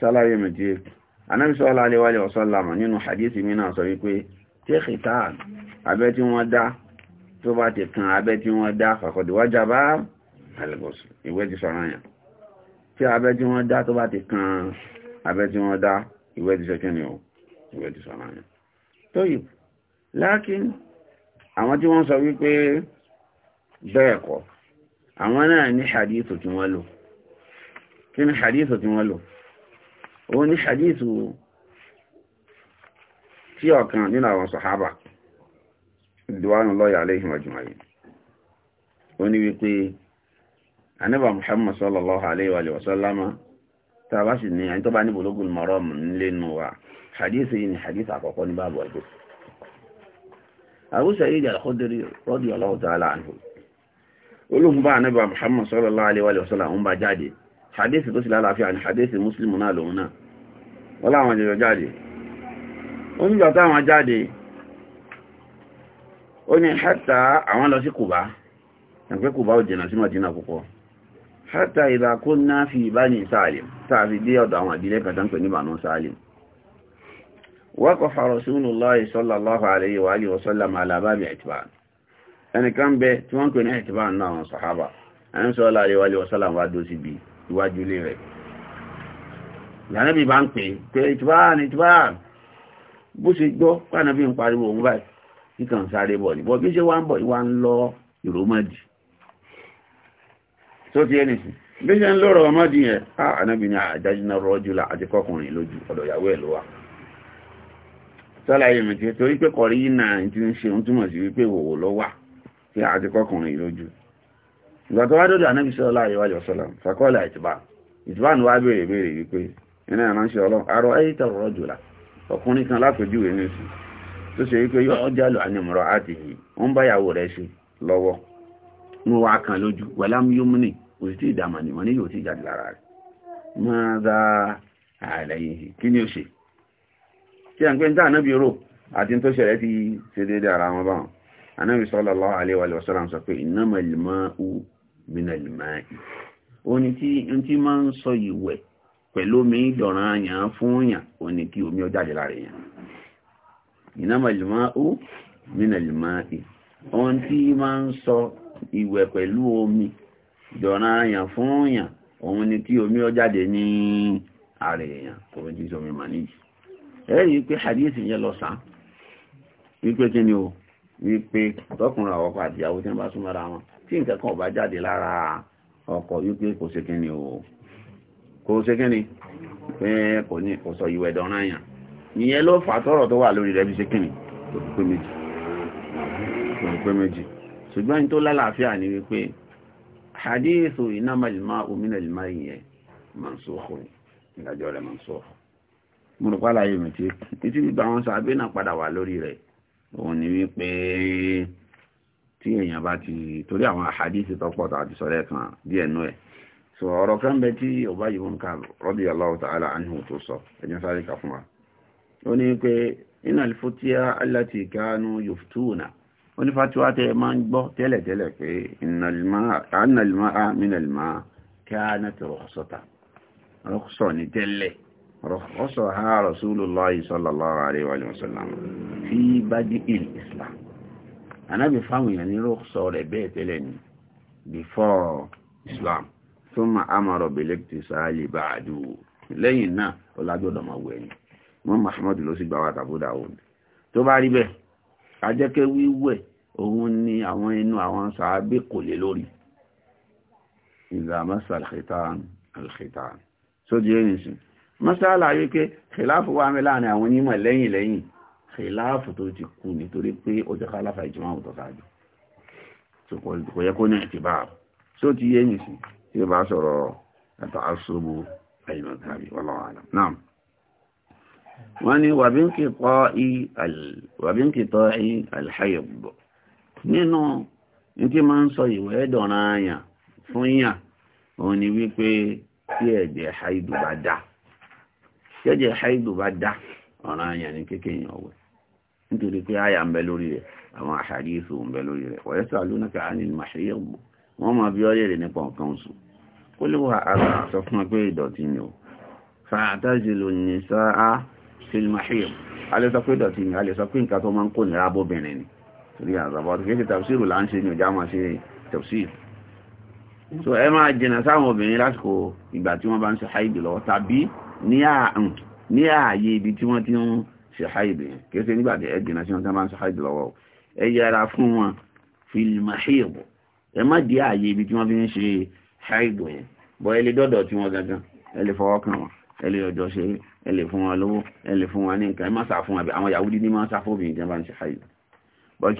sálàyé mẹ́jẹ́ anábi sọ́lá aléwálé ọ̀sọ́lámà nínú hadisi mìíràn sọ wípé tíẹ̀kì táà abẹ́ tí wọ́n dá tó bá ti kan abẹ́ tí wọ́n dá fàkọ̀díwájá bá alẹ́gọ̀sù ìwé ti sọ̀ranyàn tí abẹ́ tí wọ́n dá tó bá ti kan abẹ́ tí wọ́n dá ìwé ti sẹ́kẹ́ni ò ìwé ti sọ̀ranyàn tó yìí lákín àwọn tí wọ́n sọ wípé bẹ́ẹ̀ kọ́ àwọn náà ní hadisi kí ni hadisi tí wọ́n lò òun ní ṣàdíìsù tí ọ̀kan nínú àwọn sọ̀hábà ìdíwánu lọ́yà aléhìn ọjọ́mọ̀yí ó ní wípé anábà Muhammad sallallahu alaihi wa sallama ta bá sì ní ẹni tó bá ní bulugul maram nílé wa ṣàdíìsù yìí ni ṣàdíìsù hadith tó sì lálàáfíà ní hadith muslim náà lòun náà wọ́n láwọn jẹjọ jáde ó nígbà táwọn jáde ó ní hátà àwọn lọ sí kùbá ẹ̀pẹ́ kùbá ò jìnà sí madina púpọ̀ hátà ìdàkó náà fi bani sáàlìm tààfi dé ọ̀dọ̀ àwọn àbílẹ̀ kàtàn pẹ̀ ní bànú sáàlìm waqafa rasulullahi sallallahu alayhi wa alihi wa sallam ala babi i'tiban ẹnìkan bẹ tí wọ́n pè ní i'tiban náà wọn sàhábà ẹni sọ́lá alayhi wa alihi wa dó sí bíi iwájú ilé rẹ̀ ìyànẹ́bì bá ń pè pé ìtìbáàrùn ìtìbáàrùn bó ṣe gbọ́ pàànàbí ń pariwo òun báyìí kíkàn sáré bọ̀ níbọ̀ bí ṣe wá ń bọ̀ ìwà ń lọ tó ti ẹni sí bí ṣe ń lọ́rọ̀ ọmọdì yẹn ànábì ní àjájúná rọ́jú la àti kọkùnrin lójú ọ̀dọ̀ ìyàwó ẹ̀ ló wà sálàyé mi torí pé náà ti ń ṣe túmọ̀ sí wípé ìgbà tó wá dọ́dọ̀ ànábì sallallahu alaihi wa sallam faqala ìtìbá ìtìbá ni wá béèrè béèrè wípé iná ìránṣẹ́ ọlọ́run arọ ayíta rajula ọkùnrin kan lápèjúwe ní oṣù tó ṣe wípé yóò jálò ànímọ̀rọ̀ àti yìí wọ́n bá yàwó rẹ̀ ṣe lọ́wọ́ ń wá kan lójú walam yumni kò sí tí ìdàmà nìmọ̀ ní yóò ti jáde lára rẹ̀ madha alayhi kí ni ó ṣe kí sallallahu alaihi wa sallam sọ pé innamal ma'u minal ma'i oni tí n tí máa ń sọ ìwẹ̀ pẹ̀lú omi ìdọ̀ràn àyàn fún yàn oní kí omi ó jáde lára yàn innamal ma'u minal ma'i ohun tí máa ń sọ ìwẹ̀ pẹ̀lú omi ìdọ̀ràn àyàn fún yàn òun ni kí omi ó jáde ní ara èèyàn òun tí omi mà níyì ẹ̀rí pé hadith yẹn lọ sàn wípé kí ni o wípé tọkùnrin àwọn ọkọ àtìyàwó tí wọ́n bá súnmọ́ra wọn tí nǹkan kan bá jáde lára ọkọ̀ wípé kò ṣe kíni o kò ṣe kíni pé kò ní kò sọ ìwẹ̀ dọ̀ràn yàn ìyẹn ló fà tọ́rọ̀ tó wà lórí rẹ̀ bí ṣe kíni kò pé méjì kò pé méjì ṣùgbọ́n ní tó lálàáfíà ni wípé hadithu innamal ma'u minal ma'i yẹn mansukh ni ìdájọ́ rẹ̀ mansukh mo rò pàlàyé mi tí títí gbígbà wọn sọ abẹ́ padà wà lórí rẹ̀ òun ni wípé tí èèyàn bá ti torí àwọn àhàdíìsì tọ́pọ̀ tàbí sọ́rẹ́ kan díẹ̀ nú ẹ̀ so ọ̀rọ̀ kan bẹ tí ọba yìí wọn kan radiyallahu ta'ala anhu tó sọ ẹ̀jẹ̀ sáré kà fún wa ó ní pé iná ìfútíà allati kanu yuftuna ó ní fatiwa tẹ máa ń gbọ́ tẹ́lẹ̀tẹ́lẹ̀ pé annalmaa minalma kanat rukhsata rukhsa ní tẹ́lẹ̀ rukhsaha rasulullahi sallallahu alaihi wa sallam fi badi'il islam anábì fáwọn èèyàn ní rọ́ọ̀sọ rẹ̀ bẹ́ẹ̀ tẹ́lẹ̀ ni before Islam tó ma amọ̀rọ̀ belẹ̀ ti sáàlì bá àdú lẹ́yìn náà ọlágbọ́dọ̀ máa wẹ̀ ni wọ́n Muhammad ló sì gbà wá tàbúdà òun tó bá rí bẹ́ẹ̀ ajẹ́kẹ́ wíwẹ̀ òun ni àwọn inú àwọn sàábé kò lè lórí ìzàmásà alkhitan alkhitan sójú ẹ̀yìn sí masala yìí pé kìláàfù wà mí láàrin àwọn onímọ̀ lẹ́yìn lẹ́yìn kìláàfù tó ti kú nítorí pé ó ti ká aláfà ìjìmọ̀ àwùjọ ṣáájú kò yẹ kó ní ìtìbá tó ti yé mi sí tí ó bá sọ̀rọ̀ ẹ̀tọ́ àṣọ́bù ẹ̀yìn ọ̀tàbí wọ́lọ́wọ́lá náà wọ́n ní wàbínkìtọ́ ì alhayọ̀bọ̀ nínú tí máa ń sọ ìwẹ̀ ẹ̀dọ̀rọ̀ àyàn fún yàn òun ni wípé tí ẹ̀jẹ̀ haidu bá dá ọ̀rọ̀ àyàn ní kékèyàn ọ̀wẹ̀ nítorí pé àyà ń bẹ lórí rẹ̀ àwọn àṣàdíṣù ń bẹ lórí rẹ̀ wọ́n yẹ́sọ̀ alónàkà ánìl màṣẹ́yẹ̀ wọ́n máa bí ọ́yẹ̀ rẹ̀ nípa nǹkan oṣù kó lè wà ara sọ fún pé ìdọ̀tí ni ó fàtàjìlò ní sáà sílmáṣẹ́yẹ̀ alẹ́ sọ pé ìdọ̀tí ni alẹ́ sọ pé nǹkan tó máa ń kó ní rábóbìnrin ni torí àzàbọ̀tí kéèkì ṣe haid yẹn kìí ṣe nígbà tí ẹ dènà sí wọn tí wọn bá ń ṣe haid lọ́wọ́ ẹ yẹra fún wọn fìlìmà haid ẹ má dé ààyè ibi tí wọn fi ń ṣe haid yẹn bọ ẹ lè dọdọ tí wọn gangan ẹ lè fọwọ́ kàn wọn ẹ lè ọjọ́ ṣe ẹ lè fún wọn lówó ẹ lè fún wọn ní nǹkan ẹ má sà fún wọn àwọn Yahudi ní má sà fún obìnrin tí wọn ń ṣe haid bọ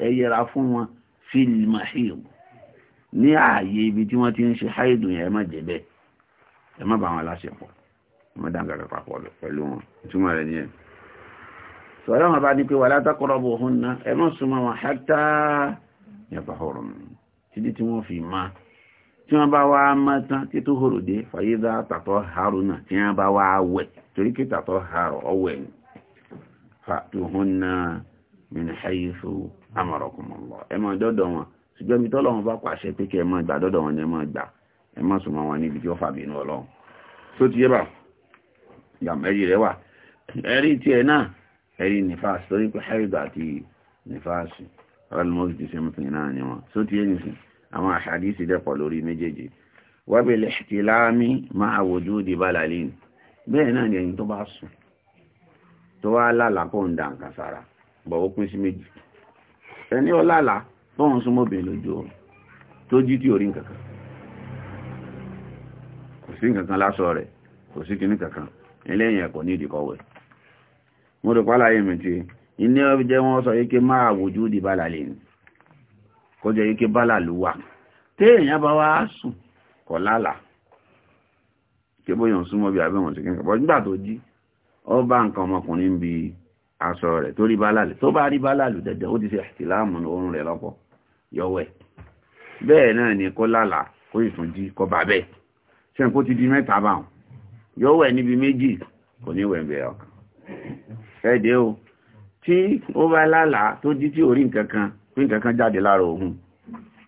ẹ yẹra fún mọ́dáǹgàrà papọ̀ pẹ̀lú wọn túmọ̀ rẹ̀ nìyẹn sọ̀rọ̀ wọn bá ní pé wà látàkọ́rọ̀bù ọ̀hún ná ẹ mọ́ súnmọ́ wọn hátà yàtọ̀ hóró mi títí tí wọ́n fi má tí wọ́n bá wá má tán kí tó hóró dé fàyídà tàtọ́ haro náà tí wọ́n bá wá wẹ̀ torí kí tàtọ́ haro ọwẹ́ ni fàtúhún náà min haythu amarakumullah ẹ máa dọ́dọ̀ wọn ṣùgbọ́n mi tọ́lọ́wọ́n wọn ni ẹ̀rí rẹ̀ wà ẹ̀rí tiẹ̀ náà ẹ̀rí nífàs torí pé hẹ́rìdà àti nífàs ọlọ́mọ́sí ti ṣe mọ́tò náà ni wọn só ti yé nìsín àwọn àṣàdí sì dẹ́pọ̀ lórí méjèèjì wábẹ̀lẹ̀ ti láàmì máa wòjú di balalín bẹ́ẹ̀ náà ni ẹni tó bá sùn tó wá lálà kó ń da nǹkan sára bọ̀ ó pín sí méjì ẹni ó lálà tó súnmọ́ obìnrin lójú oorun tó jí tí orí nǹkan kan kò sí nǹkan kan láṣọ rẹ̀ kò sí kinní kankan eléyìn ẹ̀kọ́ ní ìdíkọ̀wẹ̀ mo rò pálàyé mi ti iná jẹ́ wọ́n sọ yíké máa wòjú di bálà lè ní kó jẹ́ yíké bálà ló wà téèyàn bá wá sùn kọ̀ lálà kí bóyàn súnmọ́ bí abẹ́wọ̀n sí kẹ́kẹ́ bọ́ nígbà tó jí ó bá nǹkan ọmọkùnrin bí aṣọ rẹ̀ tó rí bálà lè tó bá rí bálà lù dẹ̀dẹ̀ ó ti ṣe àtìláàmù oorun rẹ̀ lọ́pọ̀ yọwẹ́ bẹ́ẹ̀ náà ni kó lálà kó ìtúnjí kó bà bẹ́ẹ̀ kó ti di mẹ́ta báwọn yóò wẹ̀ níbi méjì kò ní wẹ̀ ẹ̀dẹ́ o tí ó bá lálàá tó dí tí orí nkankan nkankan jáde lára òun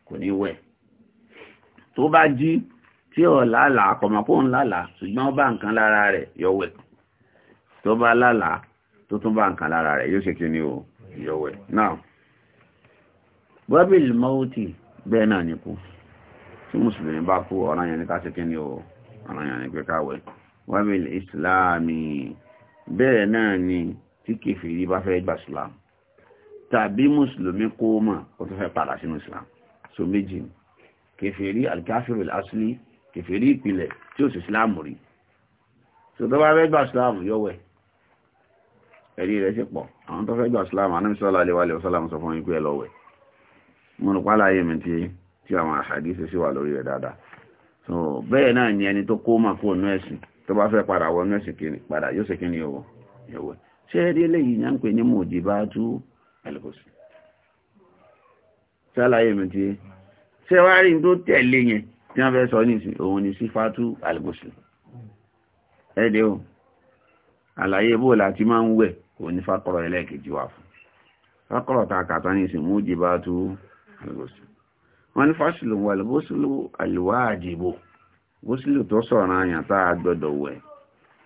kò ní wẹ̀ tó bá jí tí ọ̀ lálàá kọ̀mọ̀pọ̀ ń ṣùgbọ́n bá nǹkan lára rẹ̀ yóò wẹ̀ tó bá tó tún bá lára rẹ̀ yóò ṣe o wẹ̀ náà mọ́wútì bẹ́ẹ̀ náà tí mùsùlùmí bá kú ká ṣe wabil islami bẹ́ẹ̀ náà ni tí kèfèrí bá fẹ́ gba islam tàbí mùsùlùmí kó mọ̀ ó tó fẹ́ padà sínú islam so méjì kèfèrí alkafiru asli kèfèrí ìpìlẹ̀ tí ó sì islam rí so tó bá fẹ́ gba islam yọwẹ́ ẹ̀rí rẹ̀ sì pọ̀ àwọn tó fẹ́ gba islam anamisọ́lá alewale ọ̀sọ́lá sọ fún ikú ẹ lọ́wẹ́ mo rò so bẹ́ẹ̀ náà ni ẹni tó kó mà kó nú ẹ̀sìn tó bá fẹ́ padà wọ́n yóò ṣèkíní padà yóò ṣèkíní owó ìyẹ̀wò ṣé eré eléyìí yẹn ń pè ní mujibatu alikosi ṣàlàyé mi ti ṣé wàá rí tó tẹ̀lé yẹn tí wọ́n fẹ́ sọ ní ìsìn òun ni sífàtú alikosi ẹ̀dẹ̀ o àlàyé bó láti máa ń wẹ̀ òun ni fákọ̀rọ̀ ẹlẹ́ẹ̀kejì wà fún fákọ̀rọ̀ ta kàtà ní ìsìn mujibatu alikosi wọ́n ní fásitì lòun alikosi lò àlùwáàjìbò gúúsùlù tó sọ̀rọ̀ àyàn tá a gbọ́dọ̀ wẹ̀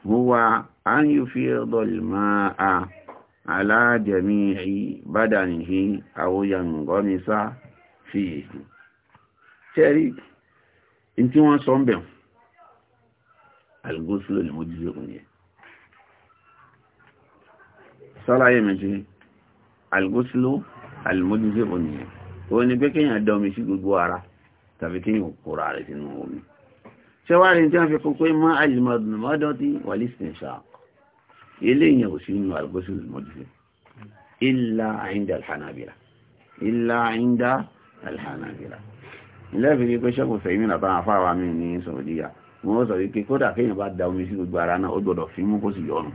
huwa an yufida al-ma'a ala jami'i badanihi aw yanghmisa fihi tẹ́rí in tí wọ́n sọ ń bẹ̀ al-gúúsùlù ni mo jíze òun yẹ sọ́láyé méjì al-gúúsùlù al-mujizi òun yẹ òun ni pé kéèyàn dọ́mi sí gbogbo ara tàbí kéèyàn kóra rẹ̀ sínú omi ṣẹwárí tí wọ́n fi kún pé mọ́ alìmọ̀dùn mọ́dún tí wà lísìn ṣáà ilé ìyẹn ò sí inú àgbóṣù mọ́dún ilá àìndà alhànàbìlà ilá àìndà alhànàbìlà ilẹ́bìn ní pé ṣẹ́kùn fẹ̀yìn nàbà àfáwà mi ní sọ̀rọ̀díyà wọ́n sọ wípé kódà kéèyàn bá da omi sí gbogbo ara náà ó gbọ́dọ̀ fi mú kó sì yọnu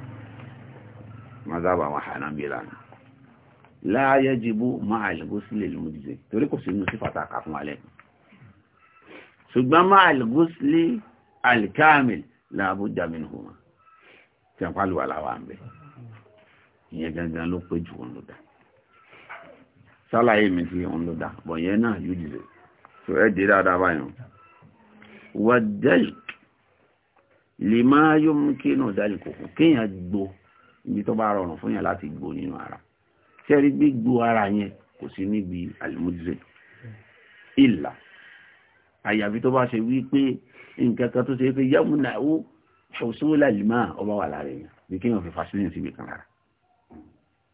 mazaba àwọn àhànàbìlà ni láàyè jìbú máa àlẹ́gbó sílẹ̀ lómọdé torí kò sí inú sí pàtàkà fún alẹ́kùn ṣùgbọ́n máa alìgúsílì alìkáàmìl láàbújá mìíràn wọn tí a pàlùwà láwà ń bẹ ìyẹn gangan ló pé jù wọn ló dá sálàyé mi sí wọn ló dá bọ̀ yẹn náà yóò jìlẹ̀ tó ẹ dé dáadáa báyìí wàdẹ́lìk lè máa yóò mú kí náà dálì kòkó kéèyàn gbó ibi tó bá rọrùn fún yàn láti gbó nínú ara sẹ́rí gbígbó ara yẹn kò sí níbi àlùmọ́jẹ́ ìlà àyàfi tó bá ṣe wí pé nǹkan kan tó ṣe pé yẹ́mú ó ṣòṣó làlìmá ọba wà lára èèyàn bí kéèyàn fi fasilin síbi kan lára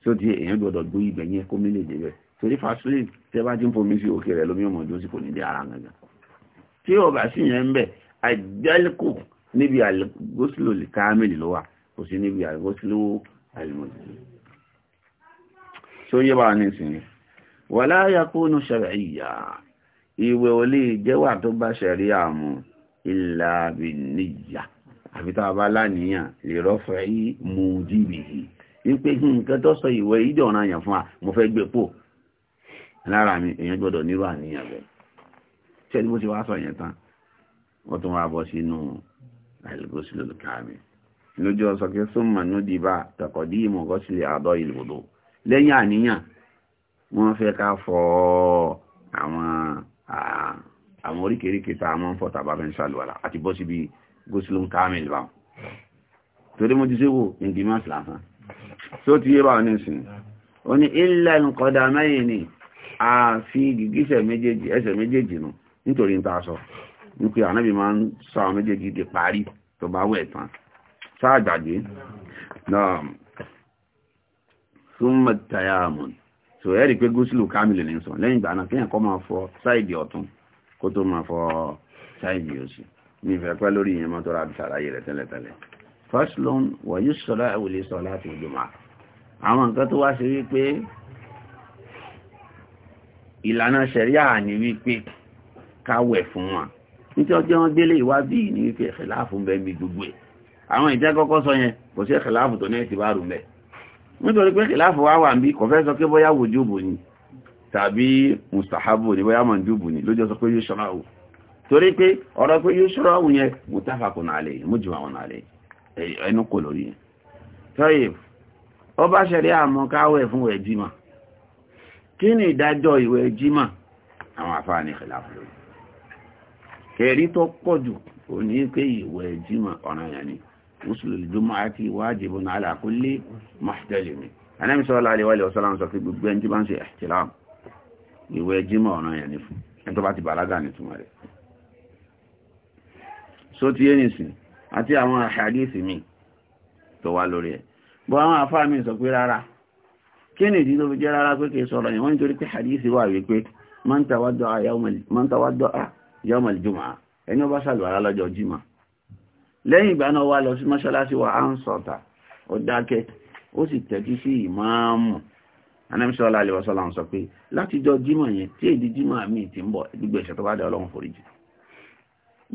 tí ó ti èèyàn gbọdọ̀ gbó ibẹ̀ yẹn kó mílè débẹ̀ torí fasilin tẹ́ bá ti ń fomi sí òkè rẹ̀ lómi ọmọ ọdún sì kò ní dé ara gangan tí ọba sì yẹn ń bẹ̀ àjálùkù níbi àgọ́sílò kámẹ́lì ló wà kò sí níbi àgọ́sílò àlùmọ̀tì tó yẹ bá ní ìsinyìí wàlá yakunu shar'iyya ìwẹ̀ ò lè jẹ́wà tó bá ṣẹ̀rí àmú ìlà àbìníyà àfi tá a bá láníyàn lè rọ́fẹ́ yí mú dìbì yìí wípé nǹkan tó sọ ìwẹ̀ yìí dọ̀ràn àyàn fún wa mo fẹ́ gbé pò lára mi èèyàn gbọ́dọ̀ nírú àníyàn bẹ́ẹ̀ ṣé ni mo ti wá sọ yẹn tán wọ́n tún wá bọ́ sínú àìlùkọ́sí lòlùkà mi lójú ọsọ kí súnmà ní dìbà tọkọ̀dí ìmọ̀gọ́sílẹ̀ àdọ́ ìlúbodò lẹ́yìn àníyàn wọ́n fẹ́ ká fọ àwọn Ah, àwọn oríkèéríkèé tá a máa ń fọ́ tàbá fẹ́ ń ṣàlùwàlà àti bọ́ síbi gosulun kamil bá torí mo ti ṣe wò indimas lásán tí ó ti yé bá nísìn ó ní ilẹ̀ nkọ́dà mẹ́yìn ni a fi gìgísẹ̀ méjèèjì ẹsẹ̀ méjèèjì nù nítorí ta sọ wípé ànábì máa ń sọ àwọn méjèèjì di parí tó bá wẹ̀ tán sáà gbàgbé náà súnmọ̀ tayamùn so ẹ rí i pé gúúsùlù kámìlì ní sọ lẹ́yìn ìgbà náà kéèyàn kọ́ máa fọ sáìdì ọ̀tún kó tó máa fọ sáìdì òsì ní ìfẹ́ pẹ́ lórí ìyẹn mọ́tò rábì sàlàyé rẹ̀ tẹ́lẹ̀tẹ́lẹ̀ first loan wọ̀nyí sọ̀rọ̀ ìwòlẹ̀ sọ láti ìjọba àwọn nǹkan tó wá ṣe wípé ìlànà ṣẹ̀ríà ní wípé káwẹ̀ fún wa nítorí ọjọ́ wọn gbélé ìwádìí ní wípé ẹ̀fẹ̀ láàfún bẹ́ẹ̀ bí gbogbo ẹ̀ àwọn ìtẹ́kọ́kọ́ sọ yẹn kò sí ẹ̀fẹ̀ láàfún tó ní ẹ̀sìn bá rùn bẹ́ẹ̀ nítorí pé kìláàfù wá wà níbi kọ̀fẹ́ sọ pé bóyá wùjúbù ni tàbí mustahabu ni bóyá mandubu ni lójọ́ sọ pé yóò ṣọ́ra o torí pé ọ̀rọ̀ pé yóò ṣọ́ra o yẹn mutafakun alayhi mujma'un alayhi ẹnu kò lórí yẹn tọ́yì ó bá ṣẹlẹ̀ àmọ́ káwẹ̀ fún ìwẹ̀ jímà kí ni gúúsùlù ìjọmọ́ àti wájìbù náà alákúnlé mọ́sítẹ́lìmì anábì sallallahu alaihi wa sallam sọ pé gbogbo ẹni tí bá ń ṣe ihtilam ìwẹ̀ jímọ̀ ọ̀nà yẹn ni fún ẹni tó bá ti bàlágà ní túmọ̀ rẹ̀ so ti yé nìsín àti àwọn àhàdíìsì mi tó wá lórí ẹ̀ bọ́ àwọn àfáà mi sọ pé rárá kí ni ìdí tó fi jẹ́ rárá pé kì sọ̀rọ̀ yẹn wọ́n nítorí pé àdíìsì wà wípé man tawadda'a yawmal jumu'a ẹni ó bá lọ́jọ́ jímọ̀ lẹ́yìn ìgbà náà lọ sí mọ́ṣáláṣí wa ánsọ̀tà ó dákẹ́ ó sì tẹ́jú sí ìmáàmù anẹ́mísọ́lá alẹ́ ń sọ pé látijọ́ jímọ̀ yẹn tí èdè jímọ̀ mi ti ń bọ̀ gbogbo ẹ̀ṣẹ̀ tó bá dé ọlọ́run foríjì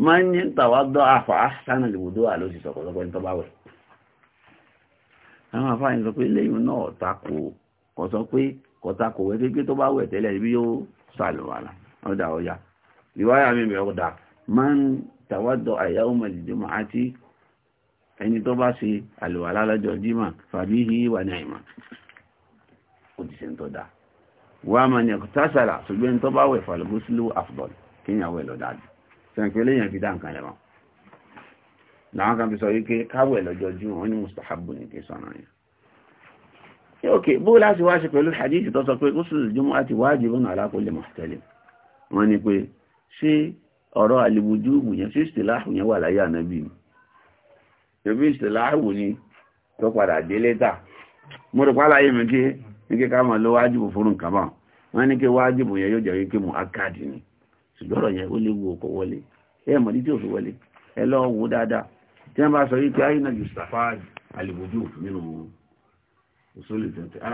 máa ń ní tàwa dọ́ àfà sánà lèbòdó àló sì sọ̀kọ̀sọ̀kọ̀ ní tọ́ba wẹ̀ àwọn afáàyàn sọ pé lẹ́yìn náà tako kò sọ pé kò tako wẹ́ pé tó bá wẹ̀ tẹ́lẹ̀ bí yóò sàlùwàlà ọ̀dà ọ̀yà ìwáyà mi bẹ̀ ọ̀dà máa ń tàwádọ̀ àyáwó mọ̀lìdìmọ̀ àti ẹni tó bá ṣe àlùwàlá lọ́jọ́ jímà fàbí yìí wà ní àìmà ó ti ṣe ń tọ́ da wà á máa ní ẹ̀kọ́ tásàrà ṣùgbọ́n tó bá wẹ̀ fàlùbùsùlù àfùbọ̀lù kéèyàn wẹ̀ lọ́dà jù sẹ́ńpẹ́ lẹ́yìn fi dá nǹkan lẹ́wọ̀n làwọn kan fi sọ wípé káwẹ̀ lọ́jọ́ jímà wọn ní mustahabu ní kí sọ̀rọ̀ yẹn ok bó láti wá ṣe pẹ̀lú hadith tó sọ pé gúúsùlù jùmọ̀ àti wájibun ala kulli muhtalim wọ́n ní pé ṣé ọ̀rọ̀ àlìwòjúùbù yẹn sí ìsìláàhù yẹn wà láyé ànábì ni ṣebí ìsìláàhù ni tó padà dé lẹ́tà mo rò pálá yìí mi kí ní kí ká máa lọ wájìbù fún nǹkan bá wọn ní kí wájìbù yẹn yóò jẹ́ wípé mu akáàdì ni ṣùgbọ́n ọ̀rọ̀ yẹn ó léwu ọkọ wọlé ẹ mọ̀ ní tí ò fi wọlé ẹ lọ wo dáadáa tí wọ́n bá sọ wípé ayé náà ju sàfà àlìwòjúùbù nínú òṣèlú tuntun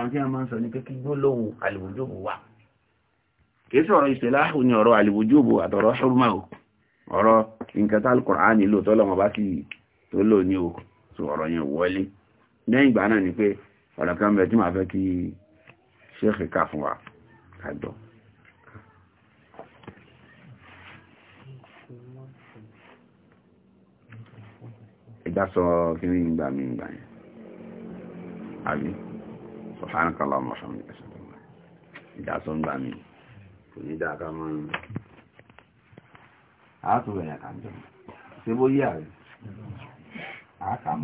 kìí sọ̀rọ̀ ìṣẹ̀láhù ni ọ̀rọ̀ àlìwòjúbò àtọ̀rọ̀ ṣọ́rùmá o ọ̀rọ̀ nǹkan tá Al-Qur'an nílò tọ́lọ́mọ bá sì tó lò ní o sọ ọ̀rọ̀ yẹn wọlé lẹ́yìn ìgbà náà ni pé ọ̀rọ̀ kan bẹ tí màá fẹ́ kí ṣéèkì kà fún wa ká gbọ́. ìgbà sọ kí ní ìgbà mi kò ní dáa ká mọ́ ní àátò rẹ̀ àkàjọ